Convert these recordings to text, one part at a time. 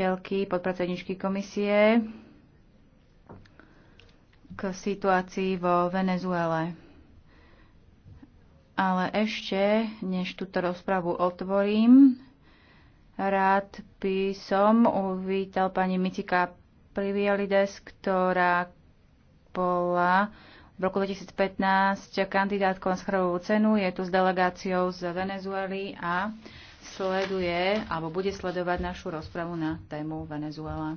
predstaviteľky, podpredsedničky komisie k situácii vo Venezuele. Ale ešte, než túto rozpravu otvorím, rád by som uvítal pani Micika Privialides, ktorá bola v roku 2015 kandidátkou na schrovú cenu. Je tu s delegáciou z Venezuely a sleduje alebo bude sledovať našu rozpravu na tému Venezuela.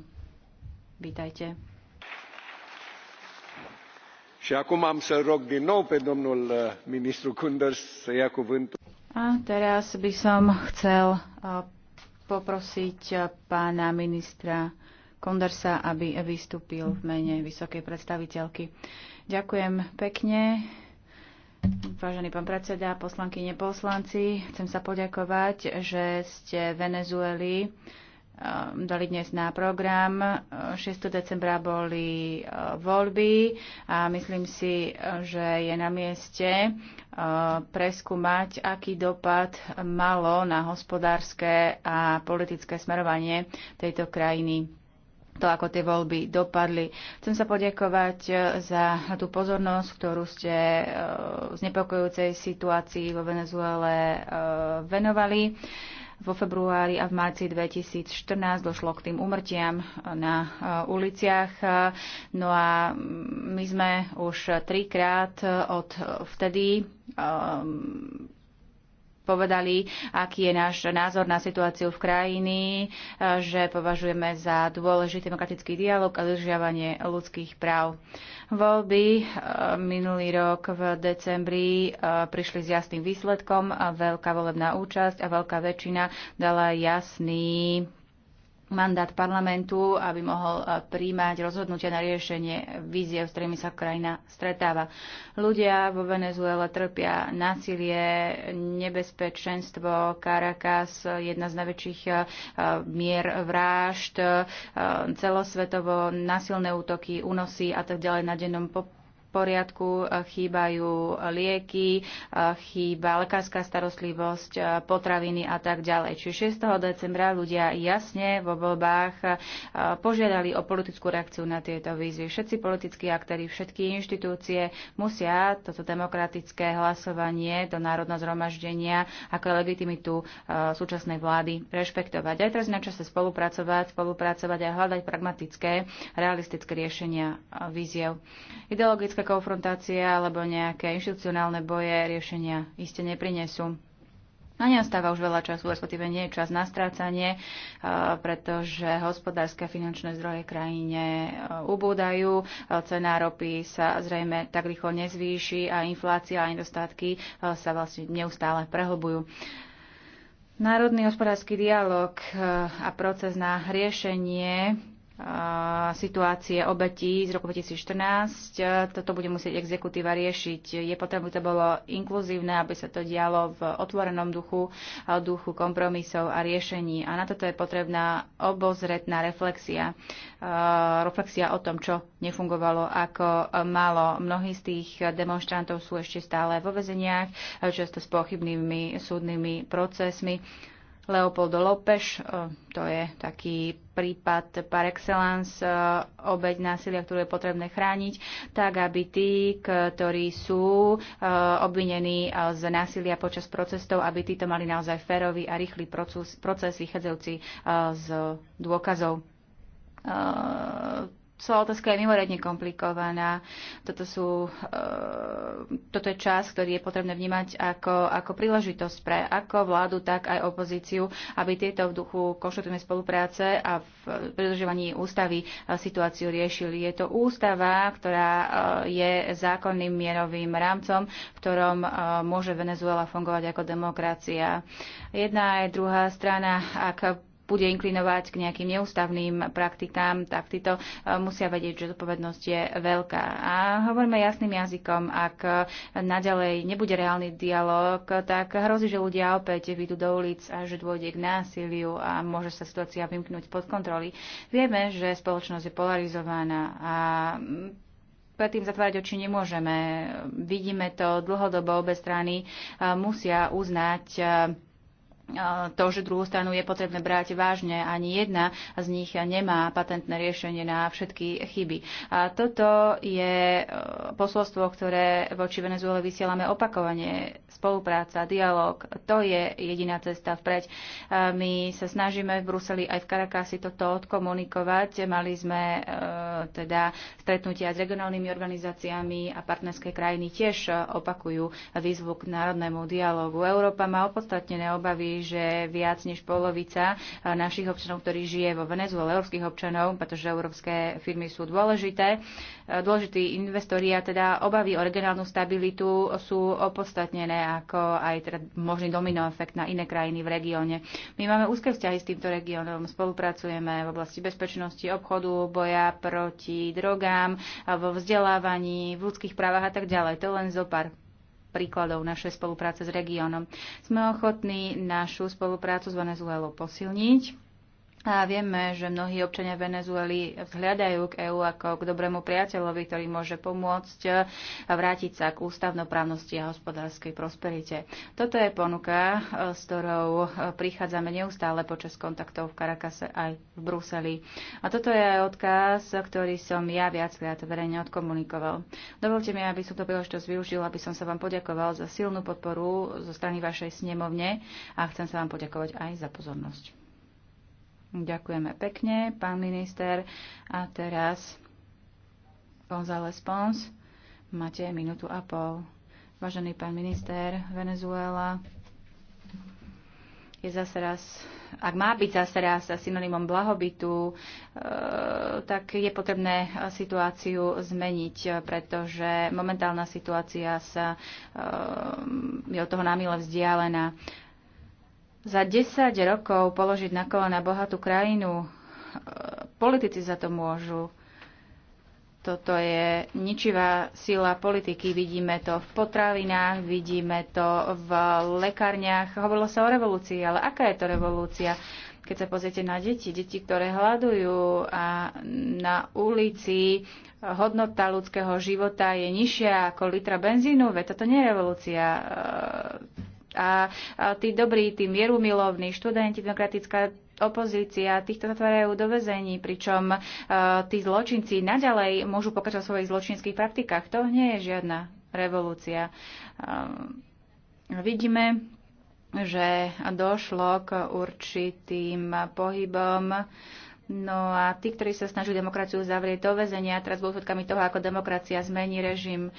Vítajte. Și acum am să rog din nou pe domnul uh, ministru Kunders să ia cuvântul. A teraz by som chcel uh, poprosiť uh, pána ministra Kondersa, aby vystúpil v mene vysokej predstaviteľky. Ďakujem pekne. Vážený pán predseda, poslankyne, poslanci, chcem sa poďakovať, že ste Venezueli ehm, dali dnes na program. 6. decembra boli ehm, voľby a myslím si, že je na mieste ehm, preskúmať, aký dopad malo na hospodárske a politické smerovanie tejto krajiny to, ako tie voľby dopadli. Chcem sa poďakovať eh, za tú pozornosť, ktorú ste eh, z nepokojúcej situácii vo Venezuele eh, venovali. Vo februári a v marci 2014 došlo k tým umrtiam na uliciach. No a my sme už trikrát od vtedy povedali, aký je náš názor na situáciu v krajiny, že považujeme za dôležitý demokratický dialog a dodržiavanie ľudských práv. Voľby e, minulý rok v decembri e, prišli s jasným výsledkom. Veľká volebná účasť a veľká väčšina dala jasný mandát parlamentu, aby mohol eh, príjmať rozhodnutia na riešenie víziev, s ktorými sa krajina stretáva. Ľudia vo Venezuele trpia násilie, nebezpečenstvo, Caracas, jedna z najväčších eh, mier vražd, eh, celosvetovo násilné útoky, únosy a tak ďalej na dennom poriadku, e, chýbajú lieky, e, chýba lekárska starostlivosť, e, potraviny a tak ďalej. Čiže 6. decembra ľudia jasne vo voľbách požiadali o politickú reakciu na tieto výzvy. Všetci politickí aktéry, všetky inštitúcie musia toto demokratické hlasovanie do národného zhromaždenia ako legitimitu súčasnej vlády rešpektovať. Aj teraz na čase spolupracovať, spolupracovať a hľadať pragmatické, realistické riešenia víziev. Ideologické politická konfrontácia alebo nejaké inštitucionálne boje riešenia iste neprinesú. A no neostáva už veľa času, respektíve nie je čas na strácanie, e, pretože hospodárske a finančné zdroje krajine e, ubúdajú, e, cena ropy sa zrejme tak rýchlo nezvýši a inflácia a nedostatky sa vlastne neustále prehlbujú. Národný hospodársky dialog a proces na riešenie situácie obetí z roku 2014. E, toto bude musieť exekutíva riešiť. Je potrebné, aby to bolo inkluzívne, aby sa to dialo v otvorenom duchu, duchu kompromisov a riešení. A na toto je potrebná obozretná reflexia. Reflexia o tom, čo nefungovalo ako malo. Mnohí z tých demonstrantov sú ešte stále vo vezeniach, často s pochybnými súdnymi procesmi. Leopoldo López, e, to je taký prípad par excellence, e, obeď násilia, ktorú je potrebné chrániť, tak aby tí, ktorí sú e, obvinení z násilia počas procesov, aby títo mali naozaj férový a rýchly proces, proces vychádzajúci z dôkazov celá otázka je mimoriadne komplikovaná. Toto, sú, uh, toto je čas, ktorý je potrebné vnímať ako, ako príležitosť pre ako vládu, tak aj opozíciu, aby tieto v duchu konštruktívnej spolupráce a v predržovaní ústavy eh, situáciu riešili. Je to ústava, ktorá eh, je zákonným mierovým rámcom, v ktorom môže Venezuela fungovať ako demokracia. Jedna aj druhá strana, ak bude inklinovať k nejakým neústavným praktikám, tak títo e, musia vedieť, že zodpovednosť je veľká. A hovoríme jasným jazykom, ak naďalej nebude reálny dialog, tak hrozí, že ľudia opäť vyjdú do ulic a že dôjde k násiliu a môže sa situácia vymknúť pod kontroly. Vieme, že spoločnosť je polarizovaná a predtým zatvárať oči nemôžeme. Vidíme to dlhodobo, obe strany e, musia uznať e, to, že druhú stranu je potrebné brať vážne. Ani jedna z nich nemá patentné riešenie na všetky chyby. A toto je e, posolstvo, ktoré voči Venezuele vysielame opakovane. Spolupráca, dialog, to je jediná cesta vpred. My sa snažíme v Bruseli aj v Karakasi toto odkomunikovať. Mali sme e, teda stretnutia s regionálnymi organizáciami a partnerské krajiny tiež e, opakujú výzvu k národnému dialogu. Európa má opodstatnené obavy, že viac než polovica eh, našich občanov, ktorí žije vo Venezuele, európskych občanov, pretože európske firmy sú dôležité, eh, dôležití investori a teda obavy o regionálnu stabilitu sú opodstatnené ako aj teda možný domino efekt na iné krajiny v regióne. My máme úzke vzťahy s týmto regiónom, spolupracujeme v oblasti bezpečnosti, obchodu, boja proti drogám, eh, vo vzdelávaní, v ľudských právach a tak ďalej. To len zo pár príkladov našej spolupráce s regiónom. Sme ochotní našu spoluprácu s Venezuelou posilniť a vieme, že mnohí občania Venezuely vzhľadajú k EÚ ako k dobrému priateľovi, ktorý môže pomôcť vrátiť sa k ústavnoprávnosti a hospodárskej prosperite. Toto je ponuka, e, s ktorou e, prichádzame neustále počas kontaktov v Karakase aj v Bruseli. A toto je aj odkaz, ktorý som ja viackrát verejne odkomunikoval. Dovolte mi, aby som to príležitosť využil, aby som sa vám poďakoval za silnú podporu zo strany vašej snemovne a chcem sa vám poďakovať aj za pozornosť. Ďakujeme pekne, pán minister. A teraz González Pons, máte minútu a pol. Vážený pán minister, Venezuela je zase raz, ak má byť zase raz synonymom blahobytu, e, tak je potrebné situáciu zmeniť, pretože momentálna situácia sa e, je od toho námile vzdialená za 10 rokov položiť na kolena bohatú krajinu, e, politici za to môžu. Toto je ničivá sila politiky. Vidíme to v potravinách, vidíme to v lekárniach. Hovorilo sa o revolúcii, ale aká je to revolúcia? Keď sa pozriete na deti, deti, ktoré hľadujú a na ulici hodnota ľudského života je nižšia ako litra benzínu, veď toto nie je revolúcia e, a tí dobrí, tí mierumilovní študenti, demokratická opozícia, týchto zatvárajú do väzení, pričom tí zločinci naďalej môžu pokračovať v svojich zločinských praktikách. To nie je žiadna revolúcia. vidíme, že došlo k určitým pohybom No a tí, ktorí sa snažili demokraciu zavrieť do väzenia, teraz budú svetkami toho, ako demokracia zmení režim. E,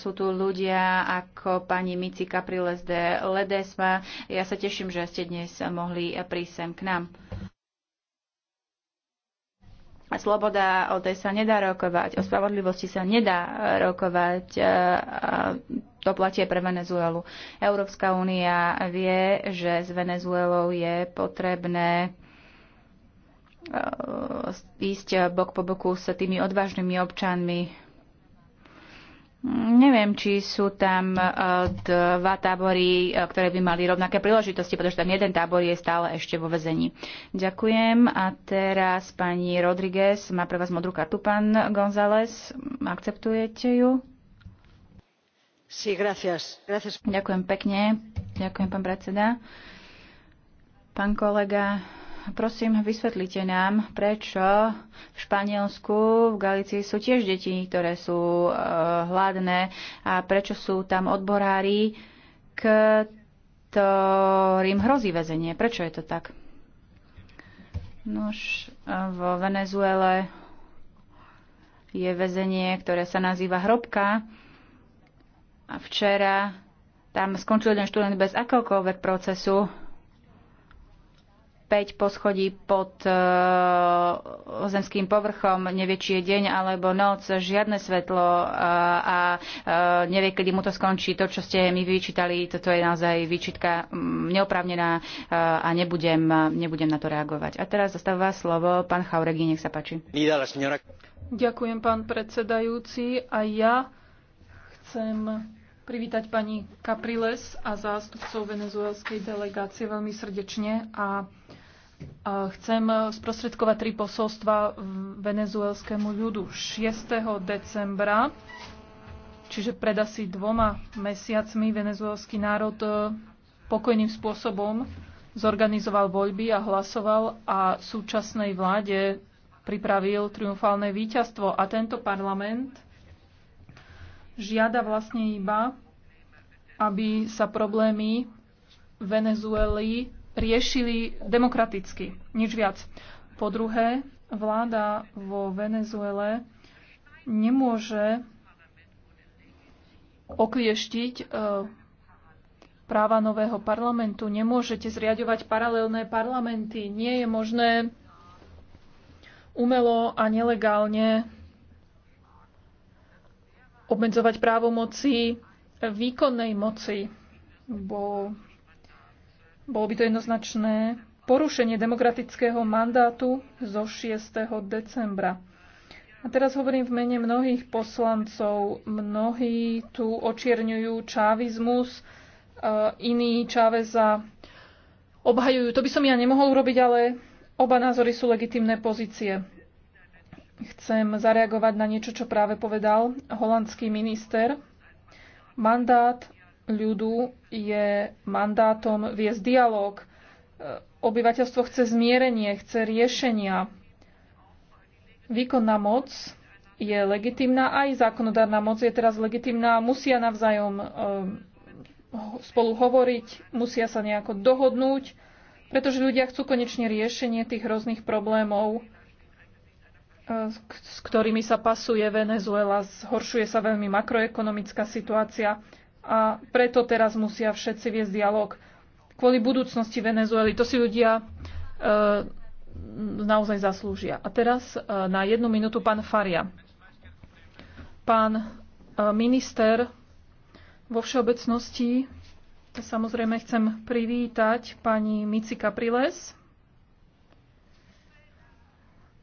sú tu ľudia ako pani Mici Capriles de Ledesma. Ja sa teším, že ste dnes mohli prísť sem k nám. Sloboda o tej sa nedá rokovať, o spravodlivosti sa nedá rokovať. E, e, to platie pre Venezuelu. Európska únia vie, že s Venezuelou je potrebné E, ísť bok po boku s tými odvážnymi občanmi. Neviem, či sú tam e, dva tábory, e, ktoré by mali rovnaké príležitosti, pretože tam jeden tábor je stále ešte vo vezení. Ďakujem. A teraz pani Rodriguez má pre vás modrú kartu, pán González. Akceptujete ju? Sí, gracias. Gracias. Ďakujem pekne. Ďakujem, pán predseda. Pán kolega, prosím, vysvetlite nám, prečo v Španielsku, v Galicii sú tiež deti, ktoré sú e, hladné a prečo sú tam odborári, ktorým hrozí väzenie. Prečo je to tak? Nož, e, vo Venezuele je väzenie, ktoré sa nazýva hrobka. A včera tam skončil jeden študent bez akéhokoľvek procesu 5 poschodí pod uh, zemským povrchom, nevie, či je deň alebo noc, žiadne svetlo uh, a uh, nevie, kedy mu to skončí. To, čo ste mi vyčítali, toto je naozaj výčitka neoprávnená uh, a nebudem, uh, nebudem na to reagovať. A teraz zastáva slovo pán Chauregi, nech sa páči. Ďakujem, pán predsedajúci. A ja chcem privítať pani Capriles a zástupcov venezuelskej delegácie veľmi srdečne a Chcem e, sprostredkovať tri posolstva venezuelskému ľudu. 6. decembra, čiže pred asi dvoma mesiacmi, venezuelský národ e, pokojným spôsobom zorganizoval voľby a hlasoval a súčasnej vláde pripravil triumfálne víťazstvo. A tento parlament žiada vlastne iba, aby sa problémy Venezuely riešili demokraticky, nič viac. Po druhé, vláda vo Venezuele nemôže oklieštiť e, práva nového parlamentu. Nemôžete zriadovať paralelné parlamenty. Nie je možné umelo a nelegálne obmedzovať právomoci výkonnej moci. Bo bolo by to jednoznačné porušenie demokratického mandátu zo 6. decembra. A teraz hovorím v mene mnohých poslancov. Mnohí tu očierňujú čávizmus, e, iní Čáveza obhajujú. To by som ja nemohol urobiť, ale oba názory sú legitimné pozície. Chcem zareagovať na niečo, čo práve povedal holandský minister. Mandát ľudu je mandátom viesť dialog. E, obyvateľstvo chce zmierenie, chce riešenia. Výkonná moc je legitimná, aj zákonodárna moc je teraz legitimná. Musia navzájom e, spolu hovoriť, musia sa nejako dohodnúť, pretože ľudia chcú konečne riešenie tých rôznych problémov, e, s ktorými sa pasuje Venezuela. Zhoršuje sa veľmi makroekonomická situácia a preto teraz musia všetci viesť dialog kvôli budúcnosti Venezuely. To si ľudia e, naozaj zaslúžia. A teraz e, na jednu minútu pán Faria. Pán e, minister, vo všeobecnosti samozrejme chcem privítať pani Micika Priles.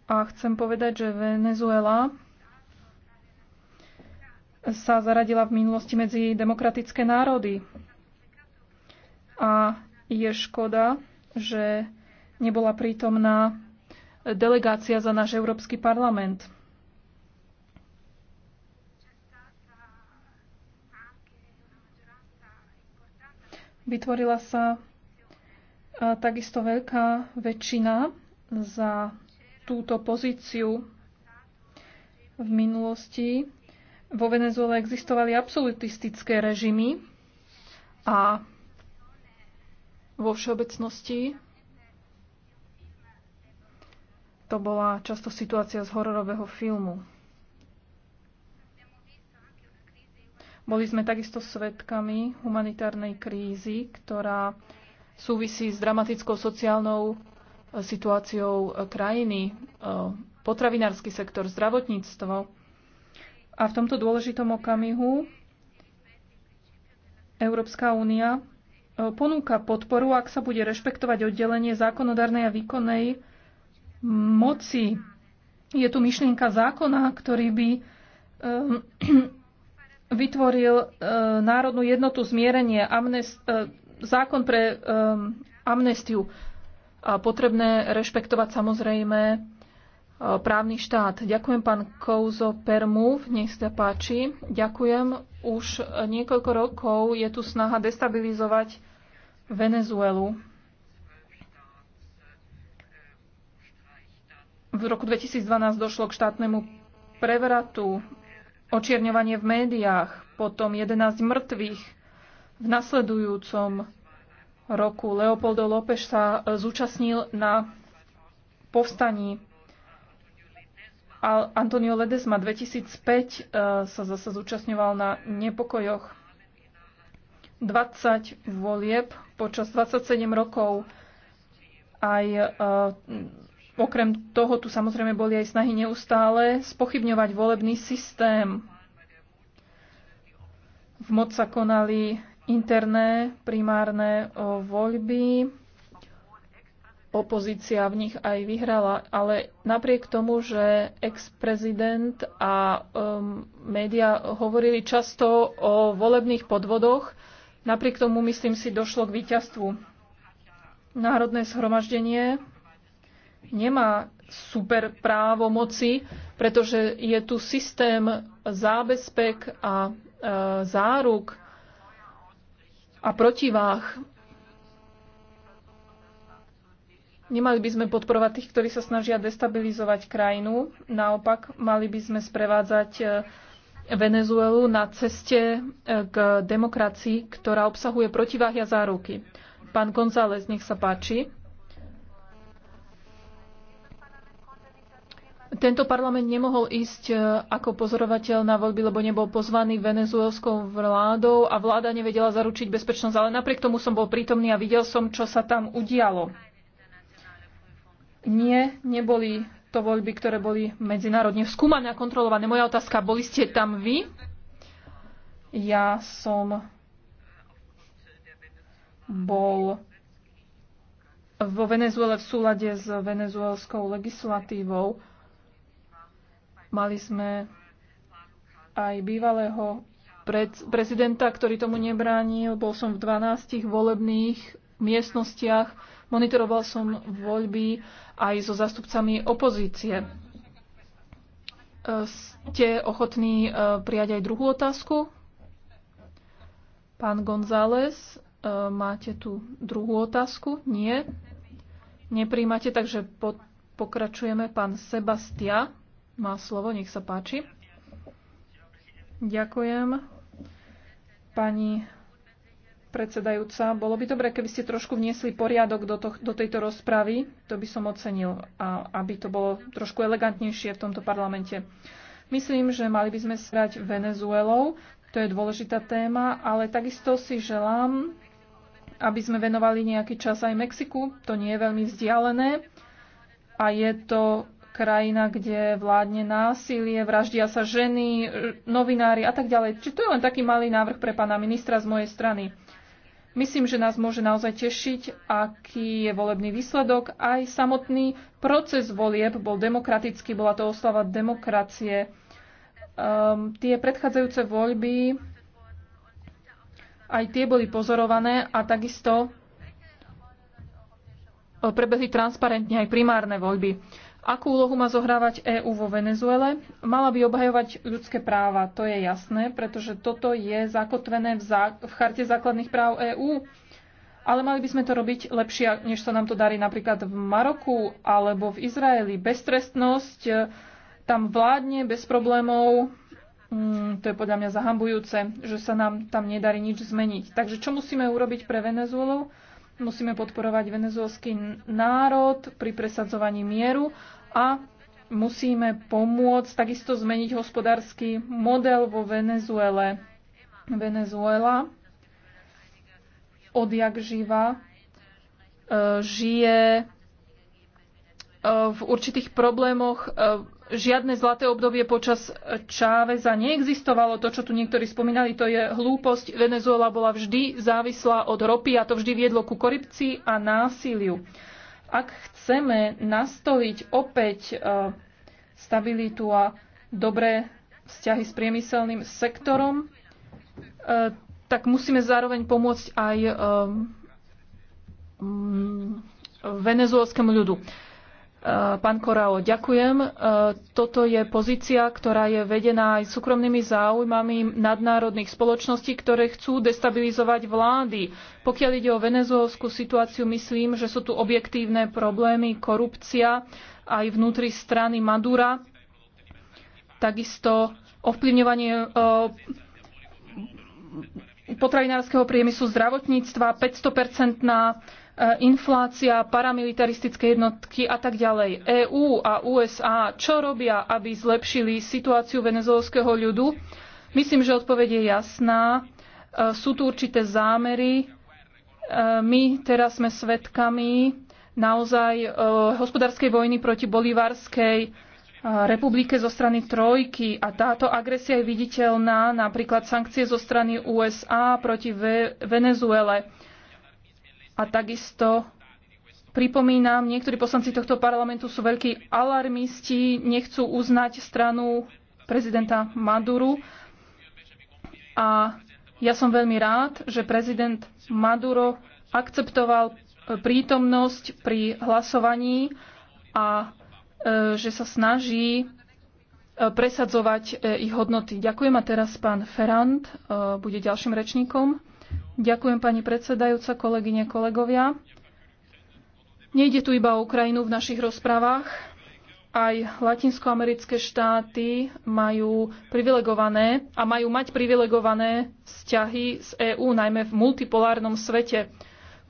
A chcem povedať, že Venezuela sa zaradila v minulosti medzi demokratické národy. A je škoda, že nebola prítomná delegácia za náš Európsky parlament. Vytvorila sa takisto veľká väčšina za túto pozíciu v minulosti vo Venezuele existovali absolutistické režimy a vo všeobecnosti to bola často situácia z hororového filmu. Boli sme takisto svetkami humanitárnej krízy, ktorá súvisí s dramatickou sociálnou e, situáciou e, krajiny, e, potravinársky sektor, zdravotníctvo. A v tomto dôležitom okamihu Európska únia e, ponúka podporu, ak sa bude rešpektovať oddelenie zákonodárnej a výkonnej moci. Je tu myšlienka zákona, ktorý by e, vytvoril e, národnú jednotu zmierenie, amnest, zákon pre amnestiu. A potrebné rešpektovať samozrejme E, právny štát. Ďakujem pán Kouzo Permúv, nech sa páči. Ďakujem. Už niekoľko rokov je tu snaha destabilizovať Venezuelu. V roku 2012 došlo k štátnemu prevratu, očierňovanie v médiách, potom 11 mŕtvych. V nasledujúcom roku Leopoldo López sa zúčastnil na povstaní Antonio Ledesma 2005 eh, sa zase zúčastňoval na nepokojoch 20 volieb počas 27 rokov. Aj eh, okrem toho tu samozrejme boli aj snahy neustále spochybňovať volebný systém. V moc sa konali interné primárne eh, voľby, opozícia v nich aj vyhrala, ale napriek tomu, že ex-prezident a um, média hovorili často o volebných podvodoch, napriek tomu, myslím si, došlo k víťazstvu. Národné zhromaždenie nemá super právo moci, pretože je tu systém zábezpek a e, záruk a protivách Nemali by sme podporovať tých, ktorí sa snažia destabilizovať krajinu. Naopak, mali by sme sprevádzať e, Venezuelu na ceste e, k demokracii, ktorá obsahuje protiváhy a záruky. Pán González, nech sa páči. Tento parlament nemohol ísť e, ako pozorovateľ na voľby, lebo nebol pozvaný venezuelskou vládou a vláda nevedela zaručiť bezpečnosť. Ale napriek tomu som bol prítomný a videl som, čo sa tam udialo. Nie, neboli to voľby, ktoré boli medzinárodne skúmané a kontrolované. Moja otázka, boli ste tam vy? Ja som bol vo Venezuele v súlade s venezuelskou legislatívou. Mali sme aj bývalého prezidenta, ktorý tomu nebránil. Bol som v 12 volebných miestnostiach Monitoroval som voľby aj so zastupcami opozície. E, ste ochotní e, prijať aj druhú otázku? Pán González, e, máte tu druhú otázku? Nie. Nepríjmate, takže po, pokračujeme. Pán Sebastia má slovo, nech sa páči. Ďakujem. Pani predsedajúca. Bolo by dobre, keby ste trošku vniesli poriadok do, to, do tejto rozpravy. To by som ocenil, a aby to bolo trošku elegantnejšie v tomto parlamente. Myslím, že mali by sme srať Venezuelou. To je dôležitá téma, ale takisto si želám, aby sme venovali nejaký čas aj Mexiku. To nie je veľmi vzdialené. A je to krajina, kde vládne násilie, vraždia sa ženy, novinári a tak ďalej. Čiže to je len taký malý návrh pre pána ministra z mojej strany. Myslím, že nás môže naozaj tešiť, aký je volebný výsledok. Aj samotný proces volieb bol demokratický, bola to oslava demokracie. Um, tie predchádzajúce voľby, aj tie boli pozorované a takisto e, prebehli transparentne aj primárne voľby. Akú úlohu má zohrávať EÚ vo Venezuele? Mala by obhajovať ľudské práva, to je jasné, pretože toto je zakotvené v, zá- v charte základných práv EÚ. Ale mali by sme to robiť lepšie, než sa nám to darí napríklad v Maroku alebo v Izraeli. Beztrestnosť e, tam vládne bez problémov. Mm, to je podľa mňa zahambujúce, že sa nám tam nedarí nič zmeniť. Takže čo musíme urobiť pre Venezuelu? Musíme podporovať venezuelský národ pri presadzovaní mieru a musíme pomôcť takisto zmeniť hospodársky model vo Venezuele. Venezuela odjak živa e, žije e, v určitých problémoch e, žiadne zlaté obdobie počas Čáveza neexistovalo. To, čo tu niektorí spomínali, to je hlúposť. Venezuela bola vždy závislá od ropy a to vždy viedlo ku korupcii a násiliu. Ak chceme nastoliť opäť e, stabilitu a dobré vzťahy s priemyselným sektorom, e, tak musíme zároveň pomôcť aj e, venezuelskému ľudu. Eh, pán Korao, ďakujem. Eh, toto je pozícia, ktorá je vedená aj súkromnými záujmami nadnárodných spoločností, ktoré chcú destabilizovať vlády. Pokiaľ ide o venezuelskú situáciu, myslím, že sú tu objektívne problémy, korupcia aj vnútri strany Madura, takisto ovplyvňovanie eh, potravinárskeho priemyslu zdravotníctva, 500-percentná E, inflácia, paramilitaristické jednotky a tak ďalej. EÚ a USA čo robia, aby zlepšili situáciu venezuelského ľudu? Myslím, že odpoveď je jasná. E, sú tu určité zámery. E, my teraz sme svedkami naozaj hospodárskej vojny proti bolivárskej republike zo strany Trojky a táto agresia je viditeľná, napríklad sankcie zo strany USA proti Venezuele a takisto pripomínam, niektorí poslanci tohto parlamentu sú veľkí alarmisti, nechcú uznať stranu prezidenta Maduru. A ja som veľmi rád, že prezident Maduro akceptoval e, prítomnosť pri hlasovaní a e, že sa snaží e, presadzovať ich hodnoty. Ďakujem a teraz pán Ferrand bude ďalším rečníkom. Ďakujem pani predsedajúca, kolegyne, kolegovia. Nejde tu iba o Ukrajinu v našich rozprávach. Aj latinskoamerické štáty majú privilegované a majú mať privilegované vzťahy z EÚ, najmä v multipolárnom svete.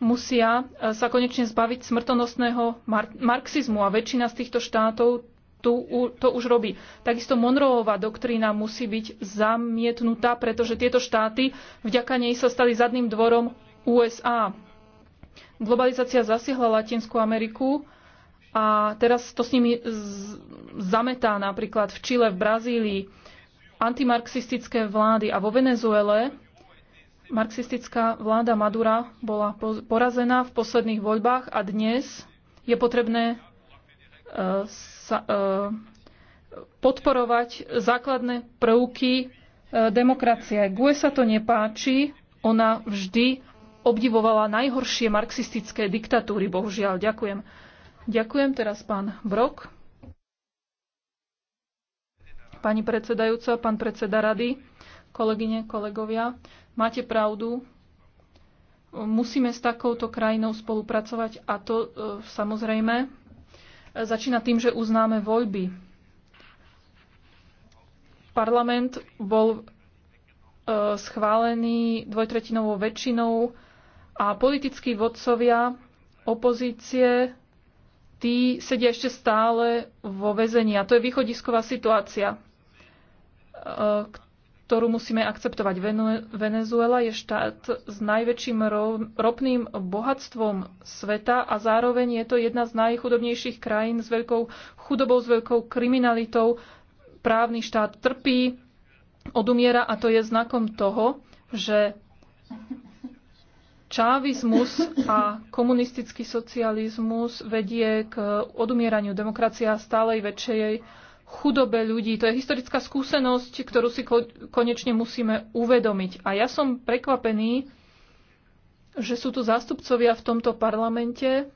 Musia sa konečne zbaviť smrtonosného marxizmu a väčšina z týchto štátov tu, to už robí. Takisto Monroeová doktrína musí byť zamietnutá, pretože tieto štáty vďaka nej sa stali zadným dvorom USA. Globalizácia zasiahla Latinskú Ameriku a teraz to s nimi zametá napríklad v Čile, v Brazílii. Antimarxistické vlády a vo Venezuele marxistická vláda Madura bola porazená v posledných voľbách a dnes je potrebné sa, e, podporovať základné prvky e, demokracie. GUE sa to nepáči, ona vždy obdivovala najhoršie marxistické diktatúry, bohužiaľ. Ďakujem. Ďakujem teraz pán Brok. Pani predsedajúca, pán predseda rady, kolegyne, kolegovia, máte pravdu. Musíme s takouto krajinou spolupracovať a to e, samozrejme začína tým, že uznáme voľby. Parlament bol e, schválený dvojtretinovou väčšinou a politickí vodcovia opozície, tí sedia ešte stále vo väzení. A to je východisková situácia, e, ktorú musíme akceptovať. Venezuela je štát s najväčším ropným bohatstvom sveta a zároveň je to jedna z najchudobnejších krajín s veľkou chudobou, s veľkou kriminalitou. Právny štát trpí, odumiera a to je znakom toho, že čávizmus a komunistický socializmus vedie k odumieraniu demokracie a stálej väčšej chudobe ľudí. To je historická skúsenosť, ktorú si konečne musíme uvedomiť. A ja som prekvapený, že sú tu zástupcovia v tomto parlamente,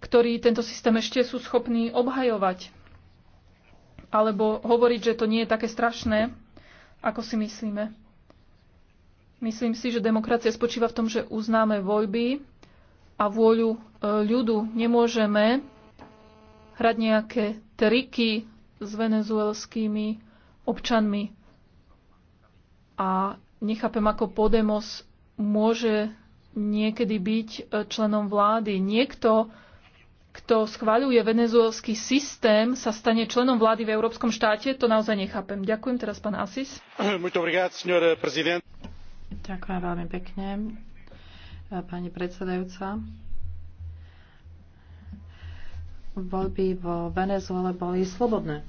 ktorí tento systém ešte sú schopní obhajovať. Alebo hovoriť, že to nie je také strašné, ako si myslíme. Myslím si, že demokracia spočíva v tom, že uznáme voľby a vôľu e, ľudu. Nemôžeme hrať nejaké triky s venezuelskými občanmi. A nechápem, ako Podemos môže niekedy byť e, členom vlády. Niekto, kto schváľuje venezuelský systém, sa stane členom vlády v Európskom štáte, to naozaj nechápem. Ďakujem teraz, pán Asis. Eh, Ďakujem veľmi pekne, eh, pani predsedajúca voľby vo Venezuele boli slobodné.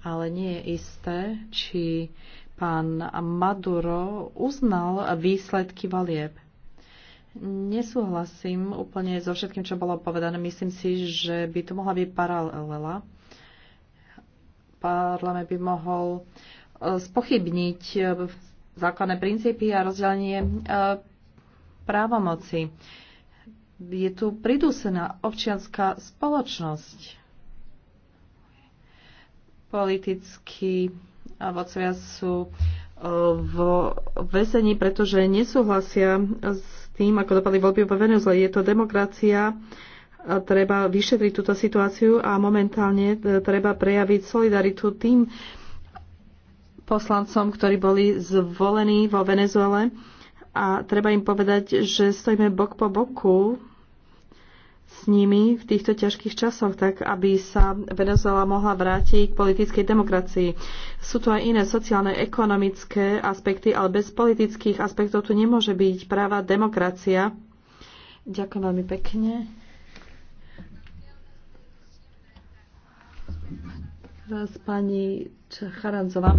Ale nie je isté, či pán Maduro uznal výsledky valieb. Nesúhlasím úplne so všetkým, čo bolo povedané. Myslím si, že by to mohla byť paralela. Parlament by mohol e, spochybniť e, základné princípy a rozdelenie e, právomoci je tu pridúsená občianská spoločnosť. Politickí vodcovia sú e, v väzení, pretože nesúhlasia s tým, ako dopadli voľby vo Venezuele. Je to demokracia, e, treba vyšetriť túto situáciu a momentálne e, treba prejaviť solidaritu tým poslancom, ktorí boli zvolení vo Venezuele a treba im povedať, že stojíme bok po boku s nimi v týchto ťažkých časoch, tak aby sa Venezuela mohla vrátiť k politickej demokracii. Sú tu aj iné sociálne, ekonomické aspekty, ale bez politických aspektov tu nemôže byť práva demokracia. Ďakujem veľmi pekne. Teraz pani Charanzová.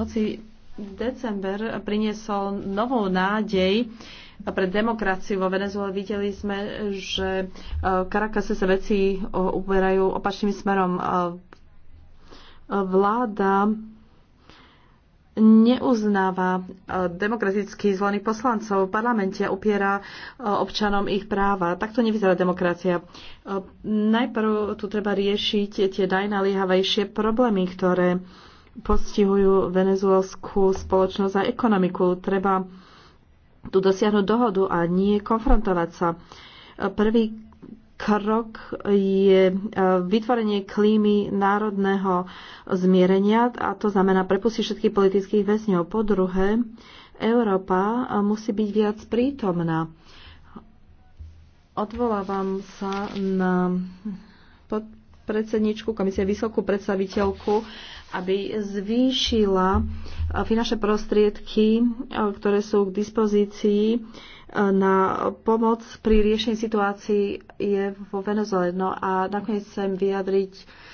Hoci december priniesol novú nádej, pre demokraciu vo Venezuele videli sme, že v e, Karakase sa veci e, uberajú opačným smerom. E, vláda neuznáva demokraticky zvolených poslancov v parlamente a upiera občanom ich práva. Takto nevyzerá demokracia. Najprv tu treba riešiť tie najnaliehavejšie problémy, ktoré postihujú venezuelskú spoločnosť a ekonomiku. Treba tu dosiahnuť dohodu a nie konfrontovať sa. Prvý krok je e, vytvorenie klímy národného zmierenia a to znamená prepustiť všetkých politických väzňov. Po druhé, Európa e, musí byť viac prítomná. Odvolávam sa na podpredsedničku komisie, vysokú predstaviteľku aby zvýšila eh, finančné prostriedky, eh, ktoré sú k dispozícii eh, na pomoc pri riešení situácii je vo Venezuele. No a nakoniec chcem vyjadriť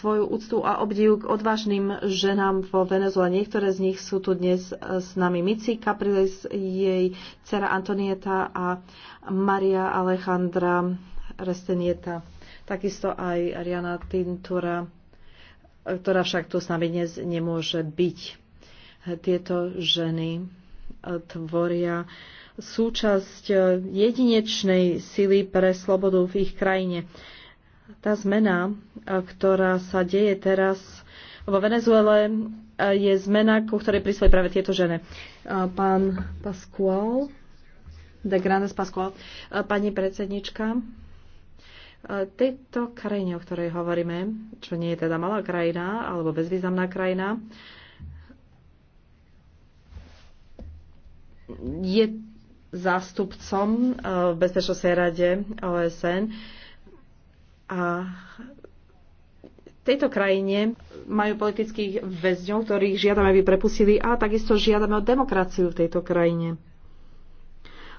svoju úctu a obdiv k odvážnym ženám vo Venezuele. Niektoré z nich sú tu dnes s nami. Mici Capriles, jej dcera Antonieta a Maria Alejandra Restenieta. Takisto aj Riana Tintura ktorá však tu s nami dnes nemôže byť. Tieto ženy e, tvoria súčasť e, jedinečnej sily pre slobodu v ich krajine. Tá zmena, e, ktorá sa deje teraz vo Venezuele, je zmena, ku ktorej prispeli práve tieto ženy. Pán Pascual, de Grandes Pascual, pani predsednička, tejto krajine, o ktorej hovoríme, čo nie je teda malá krajina alebo bezvýznamná krajina, je zástupcom e, v Bezpečnostnej rade OSN a v tejto krajine majú politických väzňov, ktorých žiadame, aby prepustili a takisto žiadame o demokraciu v tejto krajine.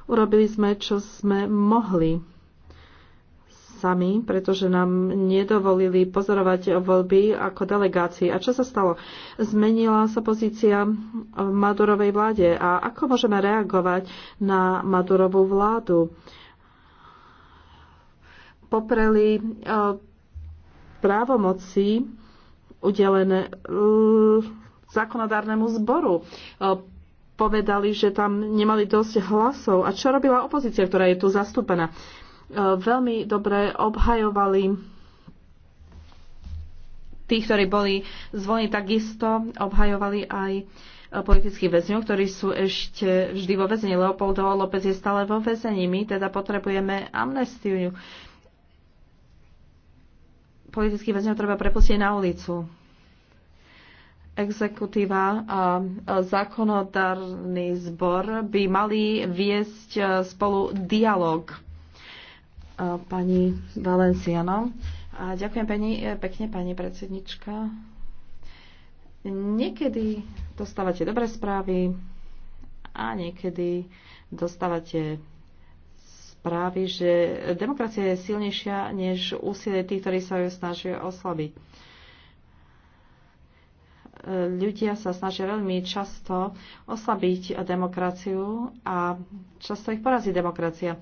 Urobili sme, čo sme mohli sami, pretože nám nedovolili pozorovať voľby ako delegácii. A čo sa stalo? Zmenila sa pozícia v Madurovej vláde. A ako môžeme reagovať na Madurovú vládu? Popreli e, právomoci udelené e, zákonodárnemu zboru e, povedali, že tam nemali dosť hlasov. A čo robila opozícia, ktorá je tu zastúpená? veľmi dobre obhajovali tí, ktorí boli zvolení takisto, obhajovali aj e, politických väzňov, ktorí sú ešte vždy vo väzení. Leopoldo López je stále vo väzení. My teda potrebujeme amnestiu. Politických väzňov treba prepustiť na ulicu exekutíva a zákonodárny zbor by mali viesť e, spolu dialog pani Valenciano. A ďakujem pani, e, pekne, pani predsednička. Niekedy dostávate dobré správy a niekedy dostávate správy, že demokracia je silnejšia než úsilie tých, ktorí sa ju snažia oslabiť. Ľudia sa snažia veľmi často oslabiť demokraciu a často ich porazí demokracia.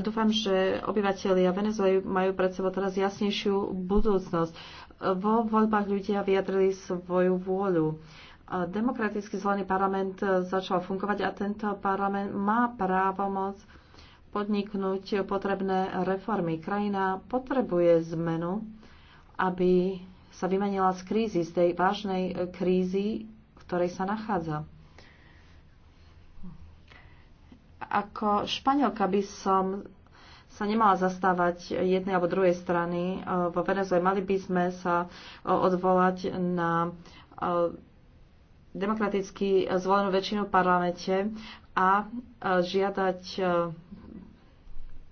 Dúfam, že obyvateľia Venezuely majú pred sebou teraz jasnejšiu budúcnosť. Vo voľbách ľudia vyjadrili svoju vôľu. Demokraticky zvolený parlament začal fungovať a tento parlament má právomoc podniknúť potrebné reformy. Krajina potrebuje zmenu, aby sa vymenila z krízy, z tej vážnej krízy, v ktorej sa nachádza. Ako Španielka by som sa nemala zastávať jednej alebo druhej strany. E, vo Venezuele mali by sme sa e, odvolať na e, demokraticky zvolenú väčšinu v parlamente a žiadať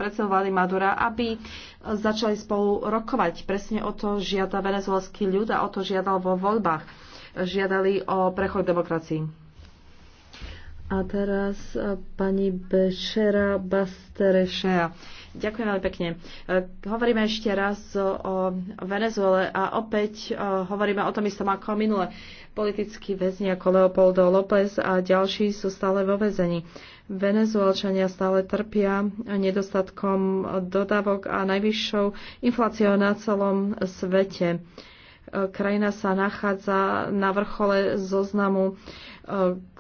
predsedu vlády Madura, aby začali spolu rokovať. Presne o to žiada venezuelský ľud a o to žiadal vo voľbách. Žiadali o prechod demokracii. A teraz e, pani Bešera Basterešea. Ďakujem veľmi pekne. E, hovoríme ešte raz o Venezuele a opäť e, hovoríme o tom istom ako minule. Politickí väzni ako Leopoldo López a ďalší sú stále vo väzení. Venezuelčania stále trpia nedostatkom dodávok a najvyššou infláciou na celom svete. E, krajina sa nachádza na vrchole zoznamu e,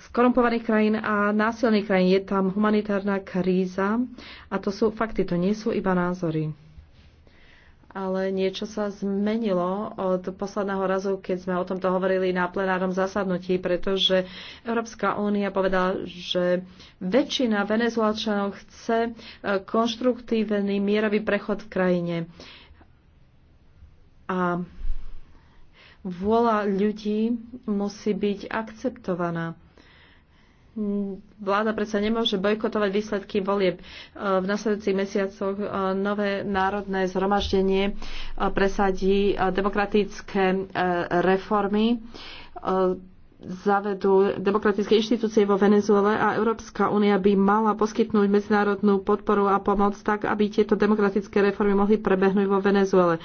skorumpovaných krajín a násilných krajín. Je tam humanitárna kríza a to sú fakty, to nie sú iba názory. Ale niečo sa zmenilo od posledného razu, keď sme o tomto hovorili na plenárnom zasadnutí, pretože Európska únia povedala, že väčšina venezuelčanov chce e, konštruktívny mierový prechod v krajine. A Vôľa ľudí musí byť akceptovaná. Vláda predsa nemôže bojkotovať výsledky volieb. E, v nasledujúcich mesiacoch e, nové národné zhromaždenie e, presadí demokratické reformy, zavedú demokratické inštitúcie vo Venezuele a Európska únia by mala poskytnúť medzinárodnú podporu a pomoc tak, aby tieto demokratické reformy mohli prebehnúť vo Venezuele.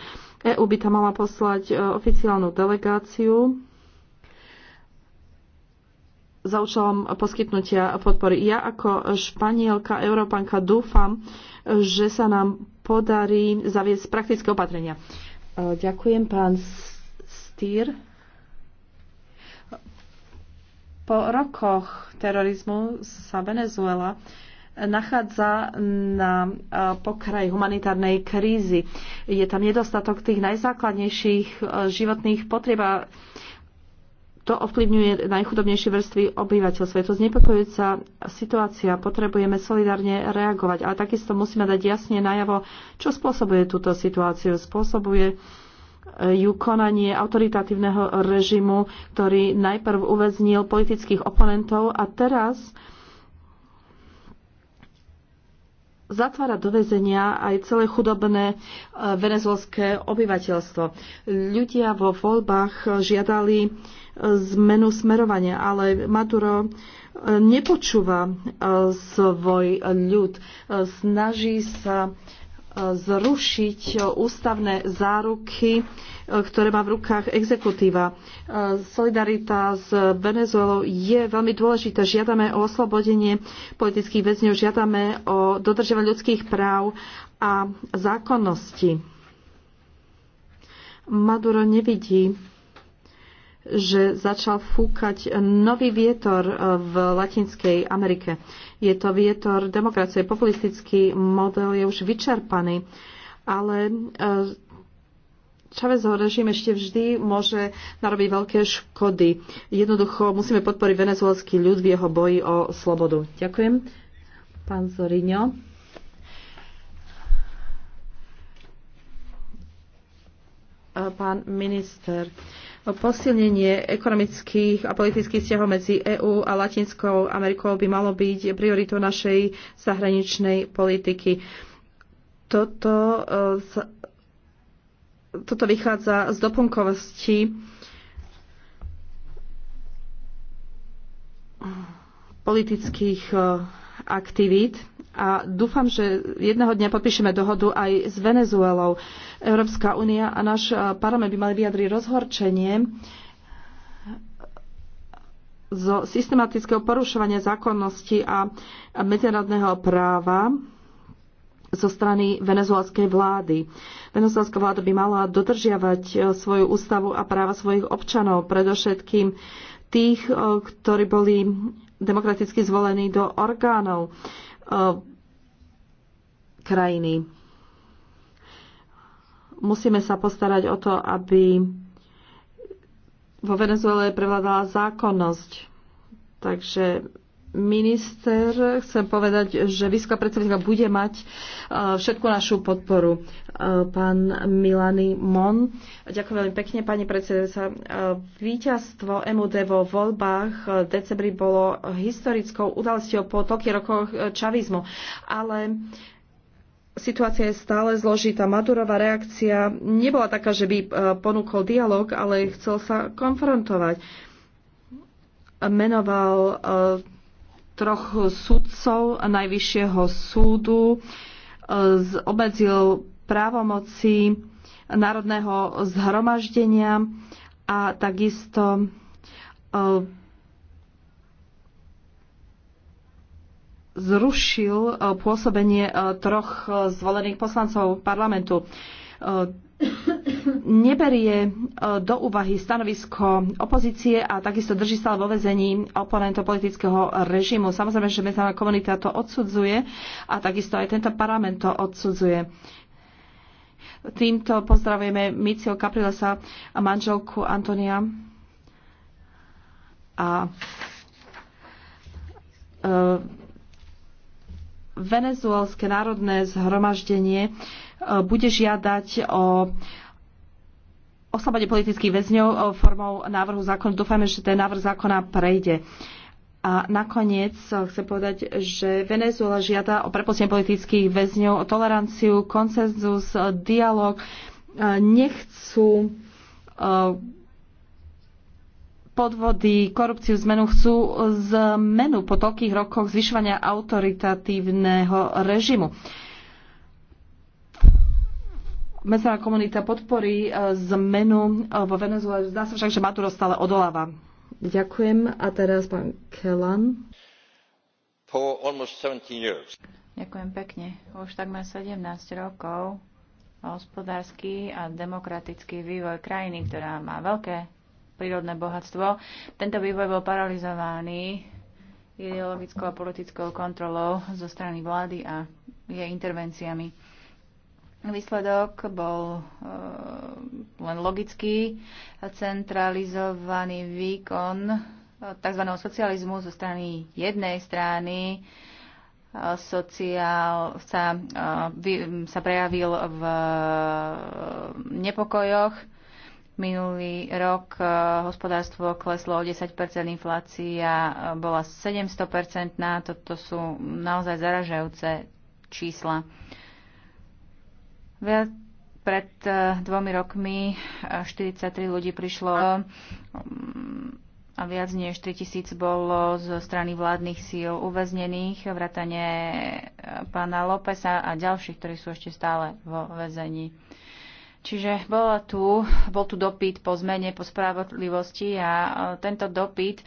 EÚ by tam mala poslať e, oficiálnu delegáciu za účelom poskytnutia podpory. Ja ako španielka, európanka dúfam, že sa nám podarí zaviesť praktické opatrenia. E, ďakujem, pán Stýr. Po rokoch terorizmu sa Venezuela nachádza na e, pokraj humanitárnej krízy. Je tam nedostatok tých najzákladnejších e, životných potrieb a to ovplyvňuje najchudobnejšie vrstvy obyvateľstva. Je to znepokojujúca situácia. Potrebujeme solidárne reagovať, ale takisto musíme dať jasne najavo, čo spôsobuje túto situáciu. Spôsobuje e, ju konanie autoritatívneho režimu, ktorý najprv uväznil politických oponentov a teraz zatvárať do väzenia aj celé chudobné e, venezuelské obyvateľstvo. Ľudia vo voľbách žiadali e, zmenu smerovania, ale Maduro e, nepočúva svoj ľud. Snaží sa zrušiť ústavné záruky, e, ktoré má v rukách exekutíva. E, solidarita s Venezuelou je veľmi dôležitá. Žiadame o oslobodenie politických väzňov, žiadame o dodržiavanie ľudských práv a zákonnosti. Maduro nevidí že začal fúkať nový vietor e, v Latinskej Amerike. Je to vietor demokracie. Populistický model je už vyčerpaný, ale Čavezho e, režim ešte vždy môže narobiť veľké škody. Jednoducho musíme podporiť venezuelský ľud v jeho boji o slobodu. Ďakujem. Pán Zoriňo. E, pán minister, Posilnenie ekonomických a politických vzťahov medzi EÚ a Latinskou Amerikou by malo byť prioritou našej zahraničnej politiky. Toto, eh, toto vychádza z doplnkovosti politických eh, aktivít a dúfam, že jedného dňa podpíšeme dohodu aj s Venezuelou. Európska únia a náš eh, parlament by mali vyjadriť rozhorčenie zo systematického porušovania zákonnosti a medzinárodného práva zo strany venezuelskej vlády. Venezuelská vláda by mala dodržiavať eh, svoju ústavu a práva svojich občanov, predovšetkým tých, eh, ktorí boli demokraticky zvolení do orgánov krajiny. Musíme sa postarať o to, aby vo Venezuele prevládala zákonnosť. Takže minister, chcem povedať, že vysoká predstaviteľka bude mať e, všetku našu podporu. E, pán Milany Mon, ďakujem veľmi pekne, pani predsedajúca. E, Výťazstvo MUD vo voľbách v decembri bolo historickou udalosťou po toľkých rokoch čavizmu, ale situácia je stále zložitá. Madurová reakcia nebola taká, že by ponúkol dialog, ale chcel sa konfrontovať. Menoval troch sudcov Najvyššieho súdu e, obmedzil právomoci Národného zhromaždenia a takisto e, zrušil e, pôsobenie troch zvolených poslancov parlamentu neberie e, do úvahy stanovisko opozície a takisto drží stále vo vezení oponentov politického režimu. Samozrejme, že medzinárodná komunita to odsudzuje a takisto aj tento parlament to odsudzuje. Týmto pozdravujeme Micio Caprilesa a manželku Antonia a e, venezuelské národné zhromaždenie e, bude žiadať o oslabenie politických väzňov eh, formou návrhu zákona. Dúfame, že ten návrh zákona prejde. A nakoniec eh, chcem povedať, že Venezuela žiada o prepustenie politických väzňov, o toleranciu, konsenzus, eh, dialog. Nechcú podvody, korupciu, zmenu. Chcú zmenu po toľkých rokoch zvyšovania autoritatívneho režimu medzinárodná komunita podporí e, zmenu e, vo Venezuele. Zdá sa však, že Maduro stále odoláva. Ďakujem. A teraz pán Kelan. Ďakujem pekne. Už takmer 17 rokov hospodársky a demokratický vývoj krajiny, ktorá má veľké prírodné bohatstvo. Tento vývoj bol paralizovaný ideologickou a politickou kontrolou zo strany vlády a jej intervenciami. Výsledok bol eh, len logický, centralizovaný výkon eh, tzv. socializmu zo strany jednej strany eh, sociál sa, sa prejavil v nepokojoch. Minulý rok hospodárstvo kleslo o 10 inflácia bola 700 Toto sú naozaj zaražajúce čísla. Viac pred e, dvomi rokmi 43 e, ľudí prišlo mm, a viac než 3000 bolo zo strany vládnych síl uväznených, vrátane e, pána Lópeza a ďalších, ktorí sú ešte stále vo väzení. Čiže bola tu, bol tu dopyt po zmene, po spravodlivosti a e, tento dopyt e,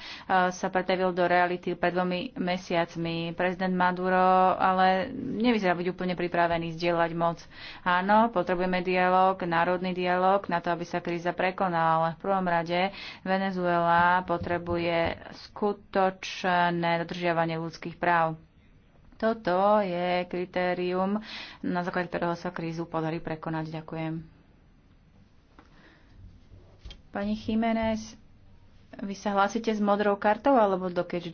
sa pretavil do reality pred dvomi mesiacmi. Prezident Maduro ale nevyzerá byť úplne pripravený zdieľať moc. Áno, potrebujeme dialog, národný dialog na to, aby sa kríza prekonala, ale v prvom rade Venezuela potrebuje skutočné dodržiavanie ľudských práv. Toto je kritérium, na základe ktorého sa krízu podarí prekonať. Ďakujem. Pani Jiménez, vy sa hlásite s modrou kartou alebo do Catch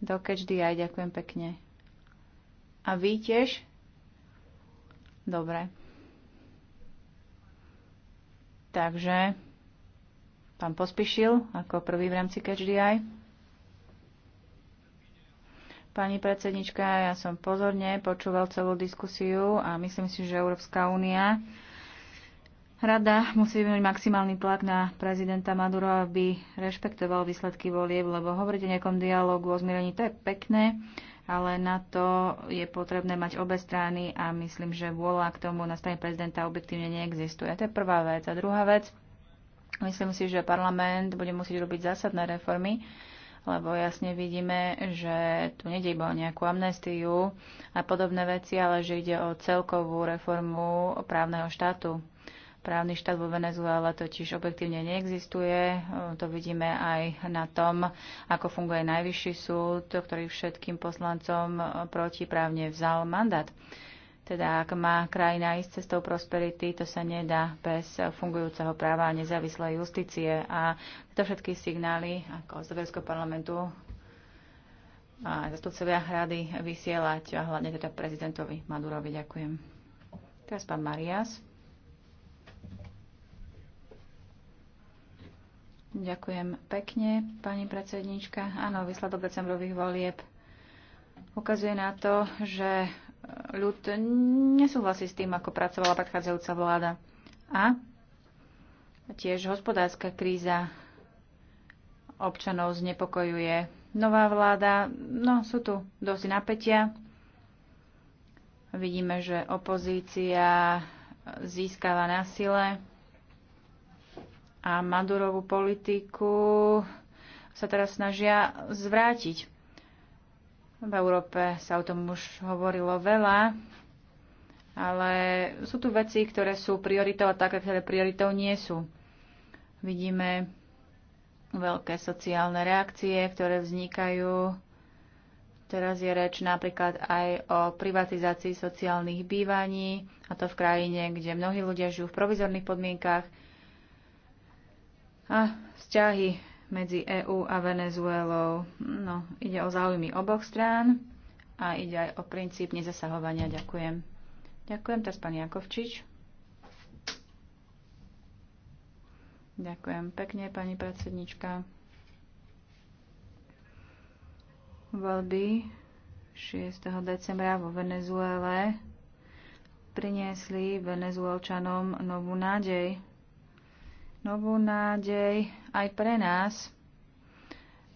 Do Catch ďakujem pekne. A vy tiež? Dobre. Takže pán pospíšil ako prvý v rámci Catch Pani predsednička, ja som pozorne počúval celú diskusiu a myslím si, že Európska únia Rada musí vyvinúť maximálny tlak na prezidenta Maduro, aby rešpektoval výsledky volieb, lebo hovoríte o nejakom dialogu o zmierení, to je pekné, ale na to je potrebné mať obe strany a myslím, že vôľa k tomu na strane prezidenta objektívne neexistuje. To je prvá vec. A druhá vec, myslím si, že parlament bude musieť robiť zásadné reformy, lebo jasne vidíme, že tu nejde iba o nejakú amnestiu a podobné veci, ale že ide o celkovú reformu právneho štátu. Právny štát vo Venezuele totiž objektívne neexistuje. To vidíme aj na tom, ako funguje najvyšší súd, ktorý všetkým poslancom protiprávne vzal mandát. Teda ak má krajina ísť cestou prosperity, to sa nedá bez fungujúceho práva a nezávislej justície. A to všetky signály ako z Európskeho parlamentu a zastupcovia rady vysielať, a hlavne teda prezidentovi Madurovi. Ďakujem. Teraz pán Marias. Ďakujem pekne, pani predsednička. Áno, výsledok decembrových volieb ukazuje na to, že ľud nesúhlasí s tým, ako pracovala predchádzajúca vláda. A tiež hospodárska kríza občanov znepokojuje. Nová vláda, no sú tu dosť napätia. Vidíme, že opozícia získava na sile a Madurovú politiku sa teraz snažia zvrátiť. V Európe sa o tom už hovorilo veľa, ale sú tu veci, ktoré sú prioritou a také, ktoré prioritou nie sú. Vidíme veľké sociálne reakcie, ktoré vznikajú. Teraz je reč napríklad aj o privatizácii sociálnych bývaní, a to v krajine, kde mnohí ľudia žijú v provizorných podmienkach, a vzťahy medzi EÚ a Venezuelou. No, ide o záujmy oboch strán a ide aj o princíp nezasahovania. Ďakujem. Ďakujem, teraz pán Jakovčič. Ďakujem pekne, pani predsednička. Voľby 6. decembra vo Venezuele priniesli venezuelčanom novú nádej novú nádej aj pre nás,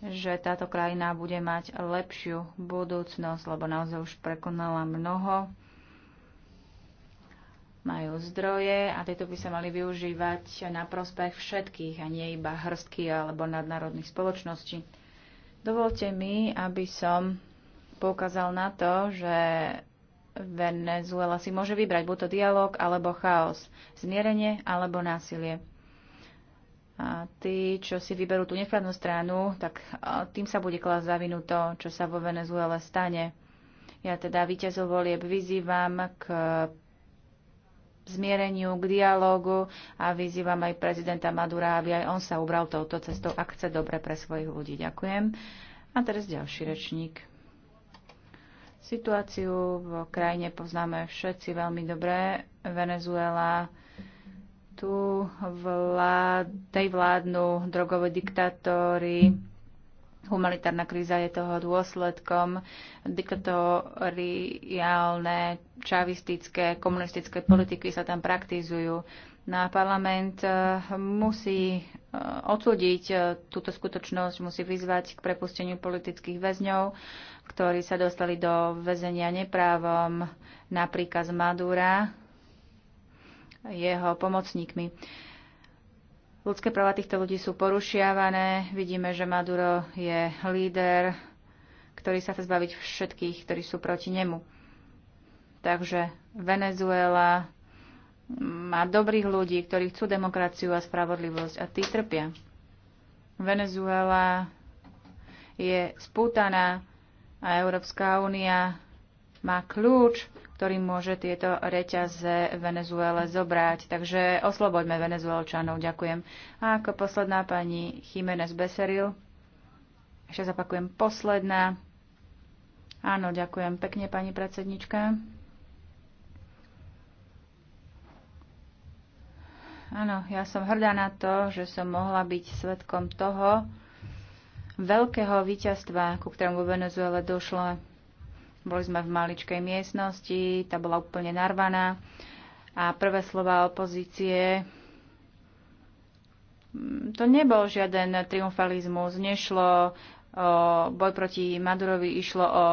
že táto krajina bude mať lepšiu budúcnosť, lebo naozaj už prekonala mnoho. Majú zdroje a tieto by sa mali využívať na prospech všetkých a nie iba hrstky alebo nadnárodných spoločností. Dovolte mi, aby som poukázal na to, že Venezuela si môže vybrať buď to dialog alebo chaos, zmierenie alebo násilie. A tí, čo si vyberú tú nefradnú stranu, tak tým sa bude klas za vinu to, čo sa vo Venezuele stane. Ja teda víťazov volieb vyzývam k zmiereniu, k dialogu a vyzývam aj prezidenta Madura, aby aj on sa ubral touto cestou, ak chce dobre pre svojich ľudí. Ďakujem. A teraz ďalší rečník. Situáciu v krajine poznáme všetci veľmi dobre. Venezuela tu vlád, tej vládnu drogové diktátory. Humanitárna kríza je toho dôsledkom. Diktatoriálne, čavistické, komunistické politiky sa tam praktizujú. Na no parlament eh, musí eh, odsúdiť eh, túto skutočnosť, musí vyzvať k prepusteniu politických väzňov, ktorí sa dostali do väzenia neprávom napríklad z Madura, jeho pomocníkmi. Ľudské práva týchto ľudí sú porušiavané. Vidíme, že Maduro je líder, ktorý sa chce zbaviť všetkých, ktorí sú proti nemu. Takže Venezuela má dobrých ľudí, ktorí chcú demokraciu a spravodlivosť a tí trpia. Venezuela je spútaná a Európska únia má kľúč ktorý môže tieto reťaze Venezuele zobrať. Takže osloboďme venezuelčanov. Ďakujem. A ako posledná pani Jiménez Beseril. Ešte zapakujem posledná. Áno, ďakujem pekne, pani predsednička. Áno, ja som hrdá na to, že som mohla byť svetkom toho veľkého víťazstva, ku ktorému Venezuele došlo boli sme v maličkej miestnosti, tá bola úplne narvaná a prvé slova opozície mm, to nebol žiaden triumfalizmus, nešlo o boj proti Madurovi, išlo o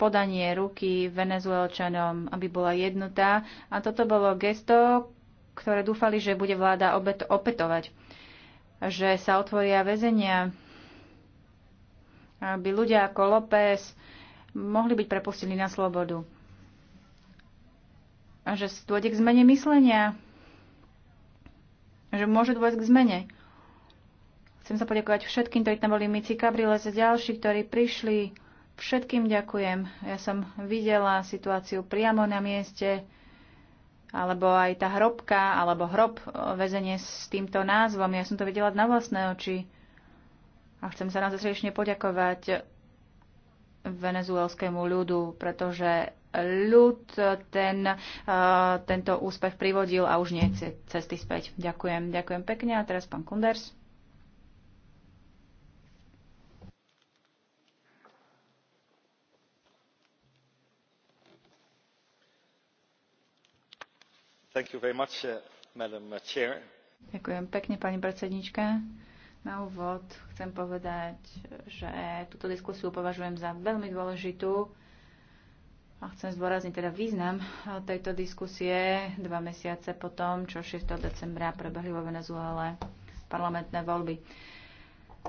podanie ruky venezuelčanom, aby bola jednota. A toto bolo gesto, ktoré dúfali, že bude vláda opätovať, že sa otvoria väzenia, aby ľudia ako López, mohli byť prepustení na slobodu. A že dôjde k zmene myslenia. Že môže dôjsť k zmene. Chcem sa poďakovať všetkým, ktorí tam boli, Mici Kabriles a ďalší, ktorí prišli. Všetkým ďakujem. Ja som videla situáciu priamo na mieste, alebo aj tá hrobka, alebo hrob, e, väzenie s týmto názvom. Ja som to videla na vlastné oči. A chcem sa na srdečne poďakovať venezuelskému ľudu, pretože ľud ten, eh, tento úspech privodil a už nie je cesty späť. Ďakujem, ďakujem pekne. A teraz pán Kunders. Thank you very much, uh, Madam Chair. Ďakujem pekne, pani predsednička. Na úvod chcem povedať, že túto diskusiu považujem za veľmi dôležitú a chcem zdôrazniť teda význam tejto diskusie dva mesiace po tom, čo 6. decembra prebehli vo Venezuele parlamentné voľby.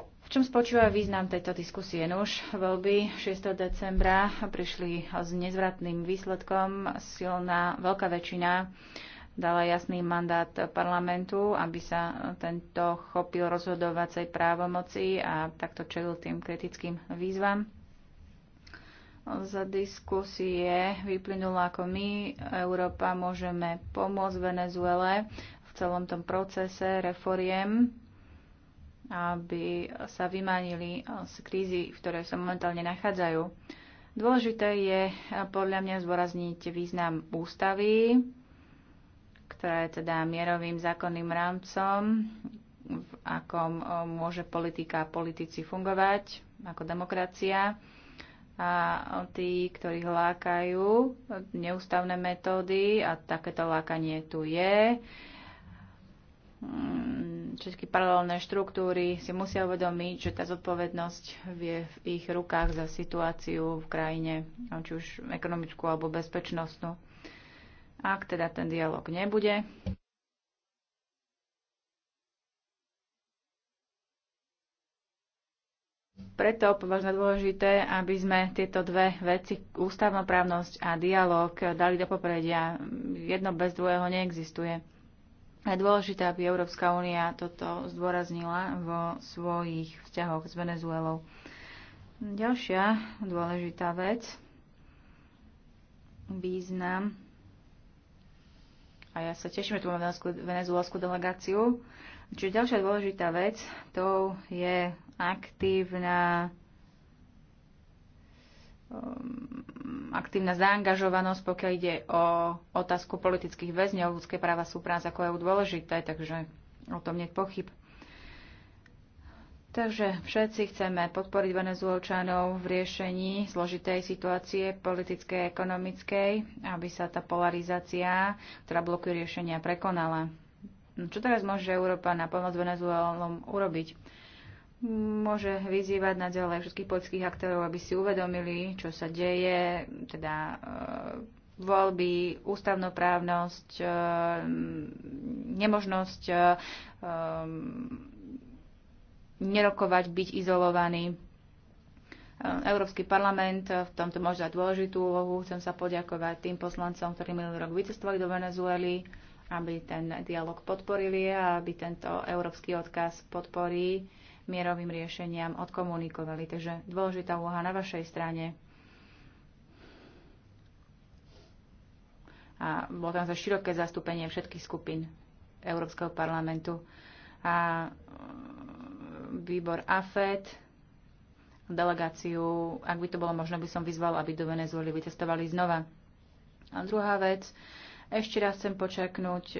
V čom spočíva význam tejto diskusie? Nuž, no voľby 6. decembra prišli s nezvratným výsledkom. Silná veľká väčšina dala jasný mandát parlamentu, aby sa tento chopil rozhodovacej právomoci a takto čelil tým kritickým výzvam. Za diskusie vyplynula, ako my, Európa, môžeme pomôcť Venezuele v celom tom procese reforiem, aby sa vymanili z krízy, v ktorej sa momentálne nachádzajú. Dôležité je podľa mňa zvorazniť význam ústavy, ktorá je teda mierovým zákonným rámcom, v akom môže politika a politici fungovať ako demokracia. A tí, ktorí lákajú neústavné metódy, a takéto lákanie tu je, mm, všetky paralelné štruktúry si musia uvedomiť, že tá zodpovednosť je v ich rukách za situáciu v krajine, či už ekonomickú alebo bezpečnostnú ak teda ten dialog nebude. Preto považujem dôležité, aby sme tieto dve veci, ústavnoprávnosť a dialog, dali do popredia. Jedno bez druhého neexistuje. Je dôležité, aby Európska únia toto zdôraznila vo svojich vzťahoch s Venezuelou. Ďalšia dôležitá vec, význam a ja sa teším, že tu máme venezuelskú delegáciu. Čiže ďalšia dôležitá vec, to je aktívna um, aktívna zaangažovanosť, pokiaľ ide o otázku politických väzňov. Ľudské práva sú pre nás ako EU dôležité, takže o tom nie je pochyb. Takže všetci chceme podporiť venezuelčanov v riešení zložitej situácie politickej, ekonomickej, aby sa tá polarizácia, ktorá blokuje riešenia, prekonala. No, čo teraz môže Európa na pomoc Venezuelom urobiť? Môže vyzývať naďalej všetkých politických aktérov, aby si uvedomili, čo sa deje, teda e, voľby, ústavnoprávnosť, e, nemožnosť e, nerokovať, byť izolovaný. Eh, európsky parlament eh, v tomto môže dať dôležitú úlohu. Chcem sa poďakovať tým poslancom, ktorí minulý rok vycestovali do Venezuely, aby ten dialog podporili a aby tento európsky odkaz podporí mierovým riešeniam odkomunikovali. Takže dôležitá úloha na vašej strane. a bolo tam za široké zastúpenie všetkých skupín Európskeho parlamentu. A výbor AFET, delegáciu, ak by to bolo možno, by som vyzval, aby do Venezuely vycestovali znova. A druhá vec, ešte raz chcem počaknúť e,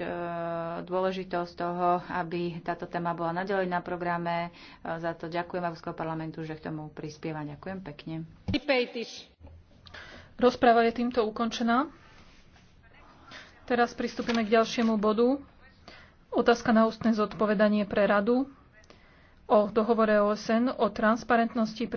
dôležitosť toho, aby táto téma bola nadalej na programe. E, za to ďakujem Európskeho parlamentu, že k tomu prispieva. Ďakujem pekne. Rozpráva je týmto ukončená. Teraz pristúpime k ďalšiemu bodu. Otázka na ústne zodpovedanie pre radu o dohovore OSN o transparentnosti